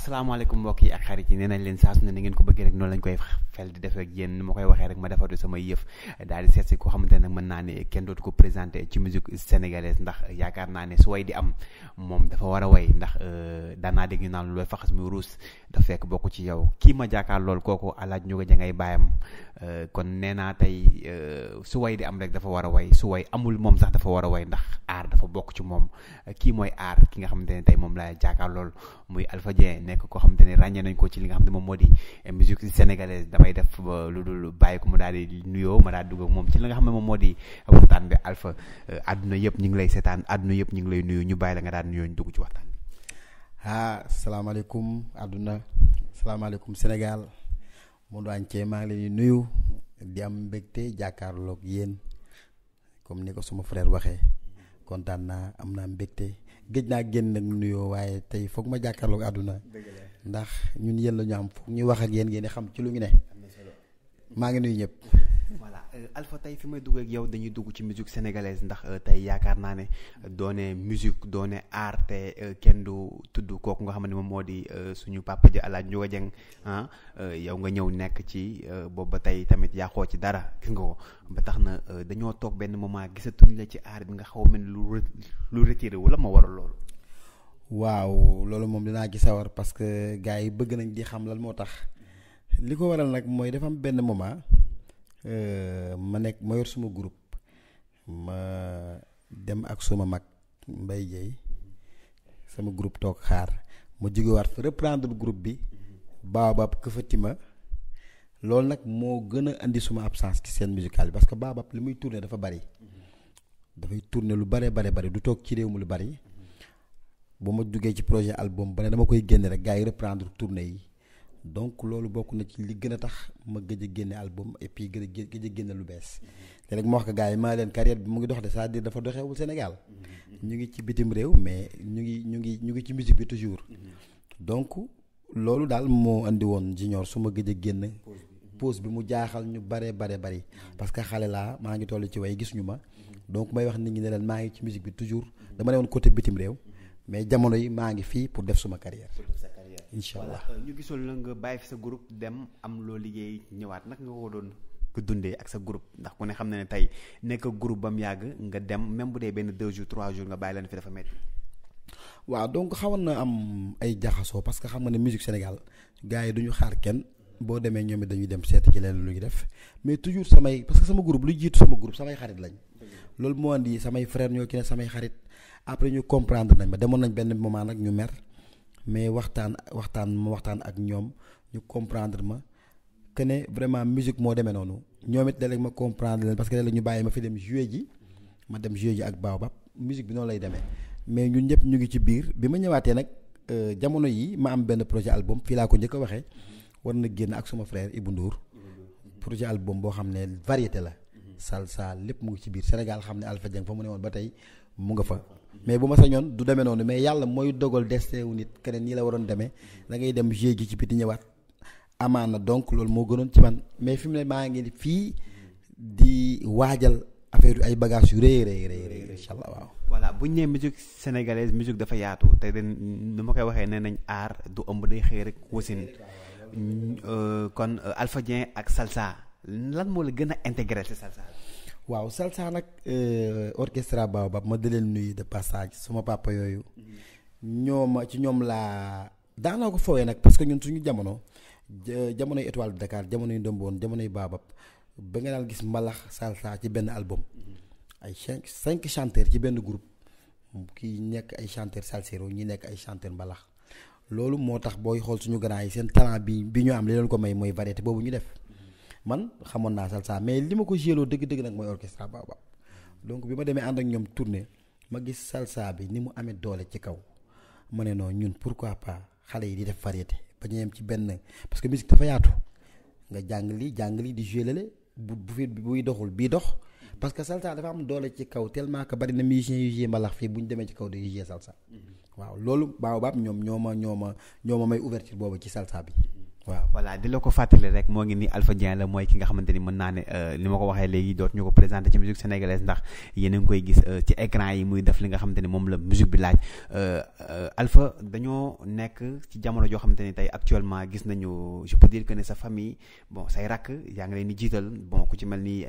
asalaamaaleykum mbokk yi ak xarit yi nee leen saa ne na ko bëggee rek noonu lañ koy xel di defee ak yéen nu ma koy waxee rek ma defatu ne nag naa ne kenn dootu ko présenté ci musique sénégalaise ndax yaakaar naa ne su way di am moom dafa war a way ndax euh, daanaa dégg ñu naan looy faxas mu ruus dafa fekk bokk ci yow kii ma jaakaar lool kooku alaaj ñu ko jangay baayam euh, kon nee naa tey euh, su way di am rek dafa war a way su way amul moom sax dafa war a way ndax aar dafa bokk ci moom kii mooy aar ki nga xamante ne tey moom laa jaakaar lool muy Alpha Dieng nekk koo xamante ne ràññee nañ ko ci li nga xam ne moom moo di musique sénégalaise damay may def ba lu dul bàyyi ko mu daal di nuyoo ma daal dugg ak moom ci la nga xam ne moom moo di waxtaan bi alpha euh, àdduna yëpp ñu ngi lay seetaan àdduna yëpp ñu ngi lay nuyu ñu bàyyi la nga daal nuyoo ñu dugg ci waxtaan bi ah salaamaaleykum àdduna salaamaaleykum sénégal mu daan cee maa ngi leen di nuyu di am mbégte jàkkaarloog yéen comme ni ko suma frère waxee kontaan naa am naa mbégte géej naa génn nag nuyoo waaye tey foog ma jàkkaarloog àdduna ndax ñun yéen la ñu am foog ñu wax ak yéen ngeen xam ci lu ñu ne maa ngi nuyu ñëpp. voilà euh, Alpha tey fi may dugg ak yow dañuy dugg ci musique sénégalaise ndax euh, tey yaakaar naa ne euh, doone musique doone art te kenn du tudd kooku nga xam ne moom moo di suñu papa ji El Hadj Ndiouga ah, yow nga ñëw nekk ci boobu ba tey tamit yàqoo ci dara gis nga ko ba tax na dañoo toog benn moment gisatuñ la ci art bi nga xaw mel lu lu retiré wu la ma waral loolu. waaw loolu moom dinaa ci sawar parce que gars yi bëgg nañ di xam lan moo tax. li ko waral nag mooy dafa am benn moment euh, ma nekk ma yor suma groupe ma dem ak suma mag mbay jey sama groupe toog xaar ma jógewaat reprendre groupe bi Baobab Këfatima loolu nag moo gën a andi suma absence ci scène musicale parce que Baobab li muy tourner dafa bari dafay tourner lu bare bare bari du toog ci réew mi lu bari bu ma duggee ci projet album ba ne dama koy génn rek gars yi reprendre tournée yi donc loolu bokk na ci li gën a tax ma gëj a génne album et puis gën a gëj a génne lu bees te rek ma wax ko gars yi maa leen carrière bi mu ngi dox de c'est-à-dire dafa doxewul Sénégal ñu ngi ci bitim réew mais ñu ngi ñu ngi ñu ngi ci musique bi toujours donc loolu daal moo andi woon junior su ma gëj a génn pause bi mu jaaxal ñu bare bare bari parce que xale laa maa ngi toll ci way gis ñu ma donc may wax nit ñi ne leen maa ngi ci musique bi toujours dama ne woon côté bitim réew mais jamono yi maa ngi fii pour def suma carrière incha allah euh, ñu gisoon la nga bàyyi fi sa groupe dem am loo liggéey ñëwaat nag nga ko doon ko dundee ak sa groupe ndax ku ne xam na ne tey nekk groupe bam yàgg nga dem même bu dee benn deux jours trois jours nga bàyyi leen fi dafa metti waaw donc xawoon na am ay jaxasoo parce que xam nga ne musique sénégal gars yi duñu xaar kenn boo demee ñoom dañuy dem seet ci leen lu ñu def mais toujours samay parce que sama groupe lu jiitu sama groupe samay xarit lañ loolu moo andi samay frère ñoo ki ne samay xarit après ñu comprendre nañ ma demoon nañ benn moment nag ñu mer mais waxtaan waxtaan ma waxtaan ak ñoom ñu comprendre ma que ne vraiment musique moo demee noonu ñoom it léeg ma comprendre leen parce que léeg ñu bàyyi ma fi dem jouer ji ma dem jouer ji ak Baobab musique bi noonu lay demee mais ñun ñëpp ñu ngi ci biir bi ma ñëwaatee nag euh, jamono yi ma am benn projet album fii laa ko njëkk a waxee war na génn ak suma frère Ibou Ndour projet album boo xam ne variété la mhm. salsa lépp mu ngi ci biir Sénégal xam ne Alpha Dieng fa mu ne woon ba tey mu nga fa mais bu ma sañoon du demee noonu mais yàlla mooy dogal nit keneen la waroon demee da ngay ci donc ci man mais fi mu ngi di affaire ay waaw. voilà bu musique sénégalaise musique dafa yaatu te den nu ma koy nañ aar du ëmb day rek euh, kon euh, Alpha ak Salsa lan moo la gën a intégré Salsa waaw Salsa orchestre euh, orchestra Baobab ma de passage suma papa yoyu mm-hmm. ñom ci ñoom laa daanaa ko fowé nak parce que ñun suñu jamono étoile de Dakar jamono jamono Baobab ba nga dal gis malax Salsa ci ben album mm-hmm. ay 5 chanteurs ci ben groupe Qui ay chanteur salsero ñi ay chanteurs malax. lolu motax boy, xol suñu grand yi talent bi bi ñu am leen ko may variété ñu def man xamoon salsa mais li ma ko dëgg-dëgg nag mooy donc bi ma demee ak ñoom tournée ma gis salsa bi ni mu amee doole ci kaw pourquoi pas xale yi di def ba ci parce que musique dafa yaatu nga jàng lii jàng lii di bu bu fi doxul bii dox parce que salsa dafa am doole ci kaw tellement que bari na est yu jee mbalax fii Elle ci kaw salsa mm-hmm. waaw loolu may ouverture waaw voilà di la ko fàttali rek moo ngi ni Alpha Dieng la mooy ki nga xamante ni mën naa ne euh, ni ma ko waxee léegi doot ñu ko présenté ci musique sénégalaise ndax yéen a ngi koy gis euh, ci écran yi muy def li nga xamante ni moom la musique bi laaj euh, Alpha dañoo nekk ci jamono joo xamante ni tey actuellement gis nañu je peux que ne sa famille bon say rakk yaa ngi leen jiital bon ku ci mel ni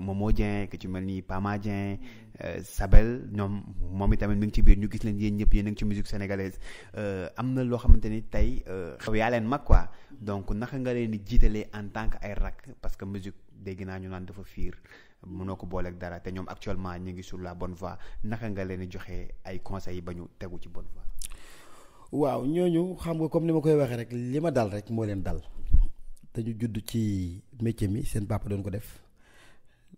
Momo Dieng ku ci mel ni Pama Dieng Sabel ñoom moom itamit mu ngi ci biir ñu gis leen yéen ñëpp yéen ngi ci musique sénégalaise am na loo xamante ni tey xew yaa leen mag quoi donc naka nga leen di jiitalee en tant que ay rak parce que musique dégg naa ñu naan dafa fiir mënoo ko booleeg dara te ñoom actuellement ñu ngi sur la bonne voie naka nga leen di joxe ay conseils ba ñu tegu ci bonne voie. waaw ñooñu xam nga comme ni ma koy waxee rek li ma dal rek moo leen dal ñu judd ci métier mi seen papa doon ko def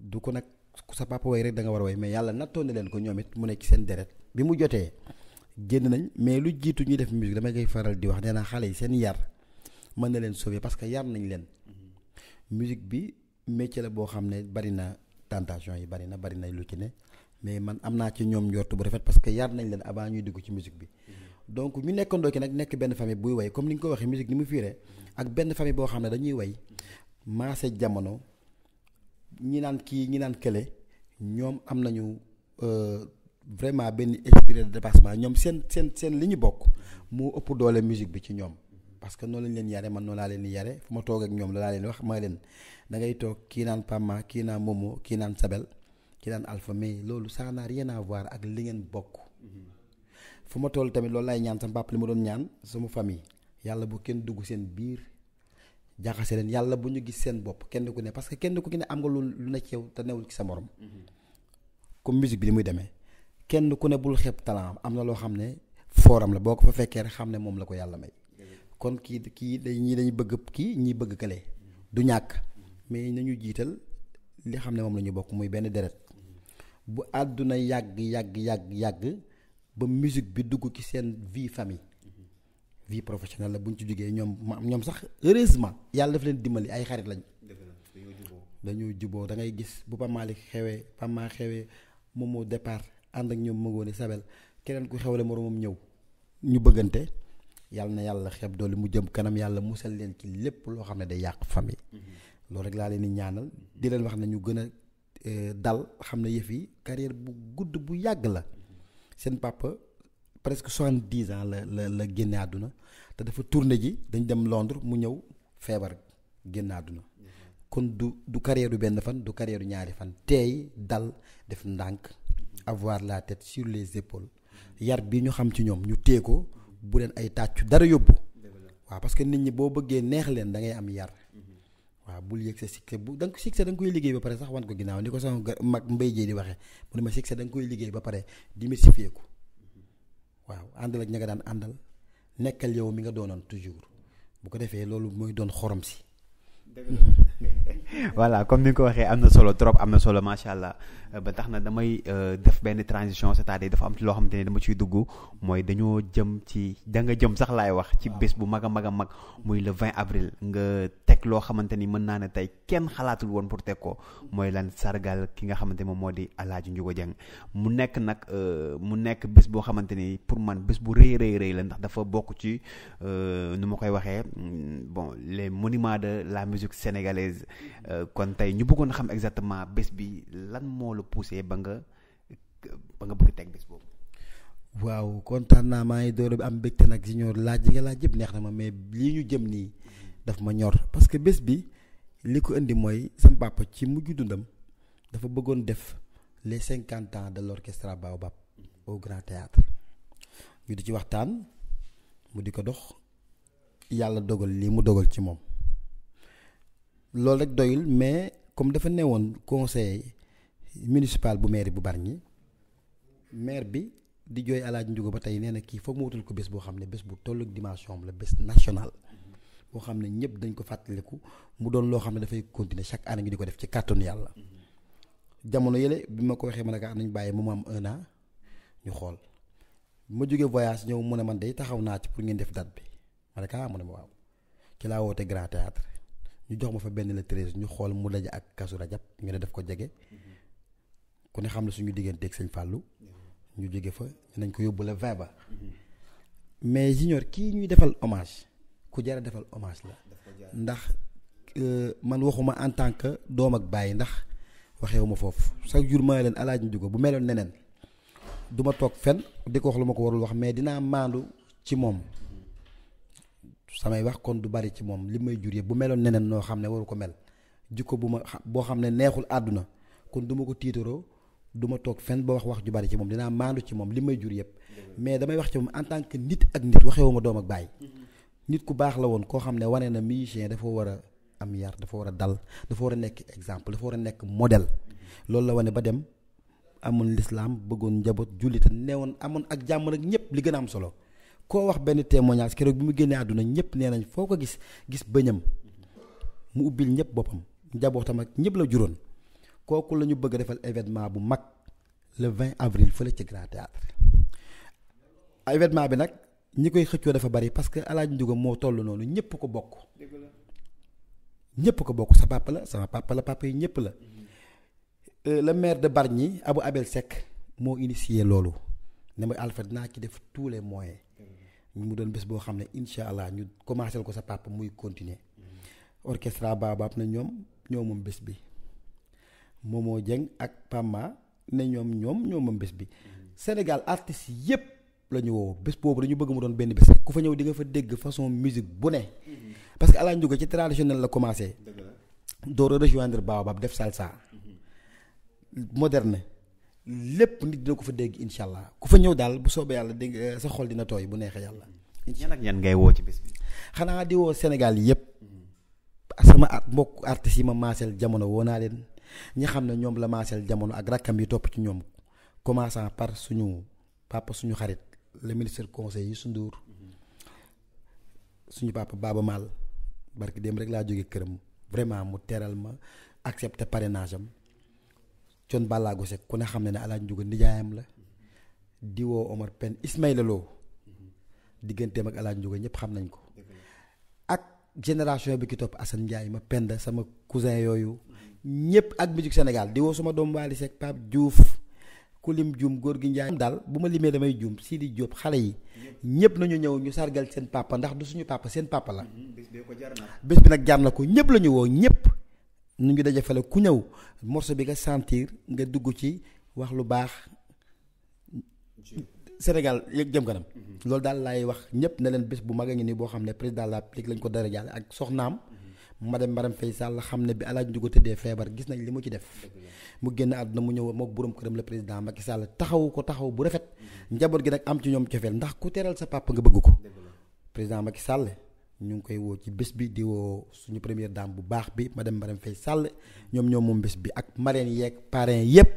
du ko nag sa papa way rek da nga war a way mais yàlla nattoo na leen ko ñoom it mu nekk seen deret bi mu jotee génn nañ mais lu jiitu ñuy def musique dama koy faral di wax nee naa xale yi seen yar. mën na leen sauver parce que yar nañ leen. musique bi métier la boo xam ne bari na tentation yi bari na bari na lu ci ne mais man am naa ci ñoom njort bu rafet parce que yar nañ leen avant ñuy dugg ci musique bi. donc ñu nekkandoo ki nag nekk benn famille buy way comme ni nga ko waxee musique ni mu fiiree ak benn famille boo xam ne dañuy way maase jamono ñi naan kii ñi naan kële ñoom am nañu euh, vraiment benn esprit de dépassement ñoom seen seen seen li ñu bokk mu ëpp doole musique bi ci ñoom. parce que noonu lañ leen yare man noonu laa leen yare fu ma toog ak ñoom laa leen wax ma leen da ngay toog kii naan Pama kii naan Momo kii naan Sabel kii naan Alpha mais loolu ça n'a rien à voir ak li ngeen bokk. Mm-hmm. fu ma toll tamit loolu laay ñaan sama papa li ma doon ñaan suma famille yàlla bu kenn dugg seen biir jaxase leen yàlla bu ñu gis seen bopp kenn ku ne parce que kenn ku ne am nga lu lu ne ci yow te newul ci sa morom. Mm-hmm. comme musique bi li muy demee kenn ku ne bul xeeb talent am na loo xam ne fooram la boo ko fa fekkee rek xam ne moom la ko yàlla may. kon kii kii day ñii dañuy bëgg kii ñii bëgg kale du ñàkk mais nañu jiital li xam ne moom lañu bokk muy benn deret bu àdduna yàgg yàgg yàgg yàgg ba musique bi dugg ci seen vie famille vie professionnelle la bu ñu ci jógee ñoom ñoom sax heureusement yàlla daf leen dimbali ay xarit lañ dañoo juboo dangay ngay gis bu Pape Malick xewee Pape Malick xewee moom moo depart ànd ak ñoom mëngoone sabel keneen ku xewle moroomam ñëw ñu bëggante yàlla na yàlla xeeb doole mu jëm kanam yàlla mu musal leen ci lépp loo xam ne day yàq famille mm-hmm. loolu rek laa leen di ñaanal di leen wax na ñu gën a euh, dal xam ne yëf yi carrière bu gudd bu yàgg la mm-hmm. seen papa presque soixante-dix ans la la la génne àdduna te dafa tournée ji dañ dem Londres mu ñëw feebar génne àdduna mm-hmm. kon du du carrière benn fan du carrière ñaari fan teey dal def ndànk avoir la tête sur les épaules yar bi ñu xam ci ñoom ñu téye ko bu leen ay tàccu dara yóbbu. waaw parce que nit ñi boo bëggee neex leen da ngay am yar. Mm-hmm. waaw bul yëg sa succès bu da sikse ko succès da nga koy liggéey ba pare sax wan ko ginnaaw ni ko sama mag mbay jee di waxee mu ne ma succès da nga koy liggéey ba pare démystifier ko mm-hmm. waaw àndal ak ña nga daan àndal nekkal yow mi nga doonoon toujours bu ko defee loolu mooy doon xorom si. voilà comme ni nga ko waxee am na solo trop am na solo macha allah. ba tax na damay euh, def benn transition cest à dafa am ci loo xamante ne dama ciy dugg mooy dañoo jëm ci da jëm sax laay wax ci bés bu mag a mag a mag muy le vingt avril nga teg loo xamante ni mën naa ne tey kenn xalaatul woon pour teg ko mooy lan sargal ki nga xamante moom moo di Alaaji Njugo jang mu nekk nag euh, mu nekk bés boo xamante ni pour man bés bu rëy rëy rëy la ndax dafa bokk ci euh, nu ma koy waxee mm, bon les monuments de la musique sénégalaise kon tey ñu bëggoon xam exactement bés bi lan le poussé ba nga ba nga bëgg teg bés boobu. waaw kontaan naa maa ngi door am mbégte nag si ñor laaj yi nga laaj yëpp neex na ma mais lii ñu jëm nii daf ma ñor parce que bés bi li ko indi mooy sama papa ci mujj dundam dafa bëggoon def les 50 ans de l'orchestre Baobab au Grand Théâtre ñu di ci waxtaan mu di ko dox yàlla dogal lii mu dogal ci moom. loolu rek doyul mais comme dafa newoon conseil municipal bu mair bu Bargny maire bi di jooy alaaj njugo ba tey nee na kii foog mu wutal ko bés boo xam ne bés bu tollu dimension am la bés national boo xam ne ñëpp dañ ko fàttaliku mu doon loo xam ne dafay continuer chaque année di ko def ci kàttanu yàlla jamono yële bi ma ko waxee ma ne ko am ah bàyyi mu am un ñu xool ma jógee voyage ñëw mu ne man day taxaw naa ci pour ngeen def date bi ma ne ko ah mu waaw ci laa woote grand théâtre ñu jox ma fa benn le treize ñu xool mu daje ak kasu rajab ñu ne def ko jege ku ne xam ne suñu digganteeg sëñ Fallou ñu jóge fa nañ ko yóbbu la vingt ba mais junior kii ñuy defal hommage ku jara defal hommage la ndax euh, man waxuma en tant que doom ak bàyyi ndax waxewu foofu chaque jour ma leen alaaj ñu dugg bu meloon neneen du ma toog fen di lu ma ko warul wax mais dinaa maandu ci moom samay wax kon du bari ci moom li may jur bu meloon neneen noo xam ne waru ko mel jikko bu ma boo xam ne neexul àdduna kon du ma ko tiitaroo duma tok toog fenn ba wax wax ju bari ci mom dina mandu ci mom limay jur yeb mais damay wax ci mom en tant que nit ak nit waxewu ma doom ak bay nit ku bax la won ko xamne wané na musicien dafa wara am yar dafa wara dal dafa wara nek exemple dafa wara nek model modèle la wané ba dem amoon l'islam bëggoon njaboot julit neewoon amon ak jàmm nag ñep li gëna am solo ko wax ben témoignage kérok bi mu génnee aduna ñep nenañ foko gis gis bëñam mu ubbil ñep bopam njabootam ak ñep la juron kooku la ñu bëgg defal événement bu mag le 20 avril fële ci Grand Théâtre événement bi nag ñi koy xëccoo dafa bari parce que Alaaji Ndiouga moo toll noonu ñëpp ko bokk ñëpp ko bokk sa papa la sama papa la papa yi ñëpp la mm-hmm. euh, le maire de Bargny Abu Abel Seck moo initié loolu ne ma Alfred naa ci def tous les moyens mm-hmm. mu doon bés boo xam ne incha allah ñu commencé ko sa papa muy continuer mm-hmm. orchestra baobab na ñoom ñoo moom bés bi Momo Dieng ak Pama ne ñoom ñoom ñoom moom bés bi Sénégal artistes yépp la ñu woo bés boobu dañu bëgg ma doon benn bés rek ku fa ñëw di nga fa dégg façon musique bu ne mhm. parce que Alaaji Ndiouga ci traditionnel la commencé door a rejoindre Baobab def salsa mhm. moderne lépp nit ko fa dégg incha allah ku fa ñëw daal bu soobee yàlla dégg sa xol dina tooy bu neexee yàlla. Mhm. ñan ak ñan ngay woo ci bés bi. xanaa di woo Sénégal yépp sama mbokk artistes yi ma maaseel jamono woo naa leen. ñi xam ne ñoom la maaseel jamono ak rakkam yi topp ci ñoom commençant par suñu papa suñu xarit le ministre conseil Youssou Ndour suñu papa Baba Maal barki dem rek laa jóge këram vraiment mu teral ma accepté parrainage am con Balago Seck ku ne xam ne ne alaaj njuga nijaayam la diwoo Omar Pène Ismaïla Lo digganteem ak alaaj njuga ñëpp xam nañ ko génération bi ci topp Assane Ndiaye ma pend sama cousin yooyu ñëpp ak musique Sénégal di woo suma doom Waly Seck Pape Diouf ku lim juum góor gi Ndiaye daal bu ma limee damay juum di jóob xale yi ñëpp nañu ñëw ñu sargal seen papa ndax du suñu papa seen papa la mm-hmm. bés bi nag jar na ko ñëpp la ñu woo ñëpp nu ñu daje fale ku ñëw morceau bi nga sentir nga dugg ci wax lu baax Sénégal yëg jëm kanam. loolu daal laay wax ñëpp ne leen bés bu mag a ngi nii boo xam ne président de la République lañ ko dara jàll ak soxnaam. ma Marème Faye Sall xam ne bi alaaj njugo tëddee feebar gis nañ li mu ci def mu génn àdduna mu ñëw mook borom këram la président Macky Sall taxawu ko taxaw bu rafet njaboot gi nag am ci ñoom cofeel ndax ku teral sa papa nga bëgg ko président Macky Sall ñu ngi koy woo ci bés bi diwoo suñu première dame bu baax bi ma dem Marème Faye Sall ñoom ñoom moom bés bi ak marraine yeeg parrain yépp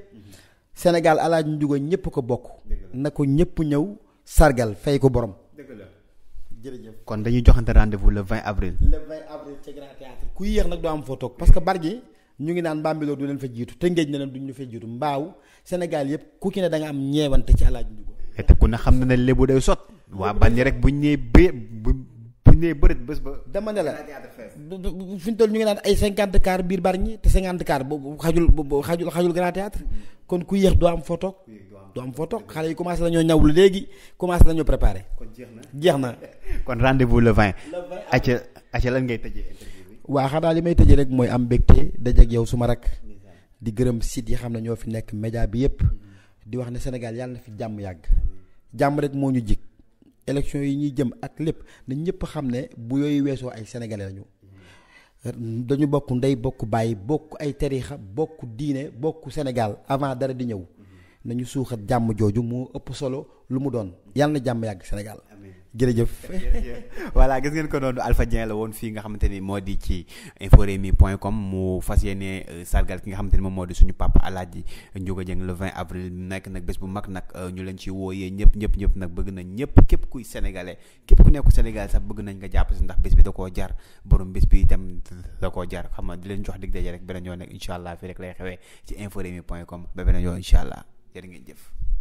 Sénégal alaaji njugo ñëpp ko bokk. na ko ñëpp ñëw sargal fay ko borom. jërëjëf kon dañuy joxante rendez-vous le 20 avril. le 20 avril ci Grand ku yéex nag doo am foo toog parce que bargi ñu ngi naan Bambilor du leen fa jiitu te Tëngéej ne leen duñu fa jiitu mbaaw Sénégal yëpp ku ki ne da nga am ñeewante ci alaaji njugo. te ku ne xam na ne lébu day sot. waa bànni rek buñ nee bee bu nee bërit bés ba. dama ne la fi ñu toll ñu ngi naan ay eh, cinquante car biir bari ñi te cinquante car boobu xajul xajul xajul grand théâtre kon ku yéex doo am photo doo am photo xale yi commencé nañoo ñawlu léegi commencé nañoo préparé. kon jeex na jeex na. kon rendez vous le 20. le 20 ah. acca acca lan ngay tëjee interview bi. waa xanaa rek mooy am mbégte dajeeg yow suma rak di gërëm site yi xam ne ñoo fi nekk média bi yépp di wax ne Sénégal yàlla na fi jàmm yàgg jàmm rek moo ñu jik élection yi ñuy jëm ak lépp na ñëpp xam ne bu yooyu weesoo ay sénégalais ñu dañu bokk ndey bokk bàyyi bokk ay tariixa bokk diine bokk Sénégal avant dara di ñëw nañu suuxat jàmm jooju mu ëpp solo lu mu doon yàlla na jàmm yàgg Sénégal jërëjëf voilà gis ngeen ko noonu Alpha Dieng la woon fii nga xamante ni moo di ci inforemi point comme mu fas yéene euh, sargal ki nga xamante ni moom moo di suñu papa Alaaji Ndiouga Dieng le 20 avril nekk nag bés bu mag nag euh, ñu leen ci wooyee ñëpp ñëpp ñëpp nag bëgg nañ ñëpp képp kuy sénégalais képp ku nekku sénégalais sax bëgg nañ nga jàpp si ndax bés bi da koo jar borom bés bi itam da koo jar xam nga di leen jox dig daje rek beneen ñoo nag incha allah fii rek lay xewee ci inforemi point com ba beneen allah jërë ngeen jëf